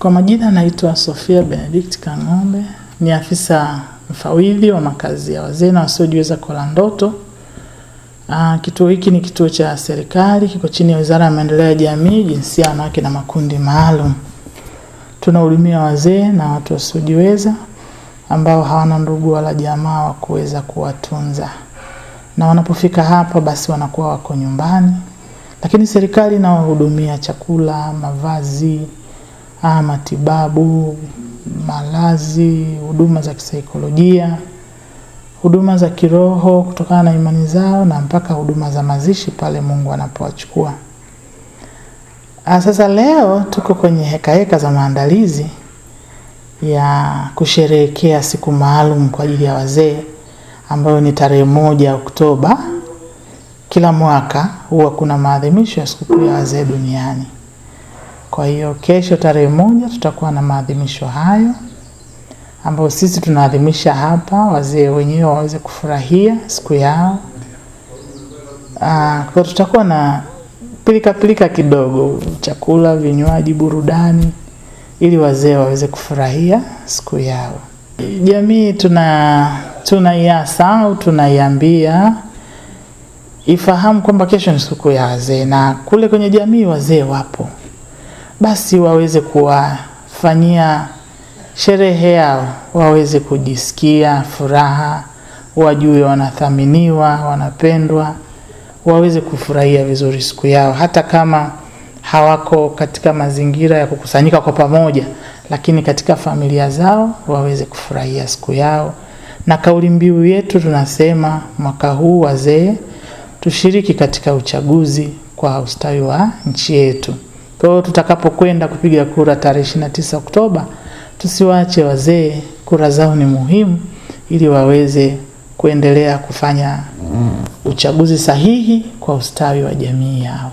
Kwa majina naitwa Sofia Benedict Kang'ombe, ni afisa mfawidhi wa makazi ya wazee na wasiojiweza ndoto ah, Kituo hiki ni kituo cha serikali, kiko chini ya Wizara ya Maendeleo ya Jamii, Jinsia, Wanawake na Makundi Maalum. Tunahudumia wazee na watu wasiojiweza ambao hawana ndugu wala jamaa wa kuweza kuwatunza, na wanapofika hapa basi wanakuwa wako nyumbani, lakini serikali inawahudumia chakula, mavazi ah, matibabu, malazi, huduma za kisaikolojia, huduma za kiroho kutokana na imani zao na mpaka huduma za mazishi pale Mungu anapowachukua. Ah, sasa leo tuko kwenye hekaheka za maandalizi ya kusherehekea siku maalum kwa ajili ya wazee ambayo ni tarehe moja Oktoba. Kila mwaka huwa kuna maadhimisho ya sikukuu ya wazee duniani. Kwa hiyo kesho tarehe moja tutakuwa na maadhimisho hayo ambayo sisi tunaadhimisha hapa, wazee wenyewe waweze kufurahia siku yao. Aa, ah, kwa tutakuwa na pilika pilika kidogo, chakula, vinywaji, burudani ili wazee waweze kufurahia siku yao. Jamii tuna tunaiasa au tunaiambia ifahamu kwamba kesho ni siku ya wazee, na kule kwenye jamii wazee wapo basi waweze kuwafanyia sherehe yao, waweze kujisikia furaha, wajue wanathaminiwa, wanapendwa, waweze kufurahia vizuri siku yao, hata kama hawako katika mazingira ya kukusanyika kwa pamoja, lakini katika familia zao waweze kufurahia siku yao. Na kauli mbiu yetu tunasema mwaka huu wazee tushiriki katika uchaguzi kwa ustawi wa nchi yetu. Kwa hiyo tutakapokwenda kupiga kura tarehe 29 Oktoba, tusiwache wazee, kura zao ni muhimu ili waweze kuendelea kufanya mm. uchaguzi sahihi kwa ustawi wa jamii yao.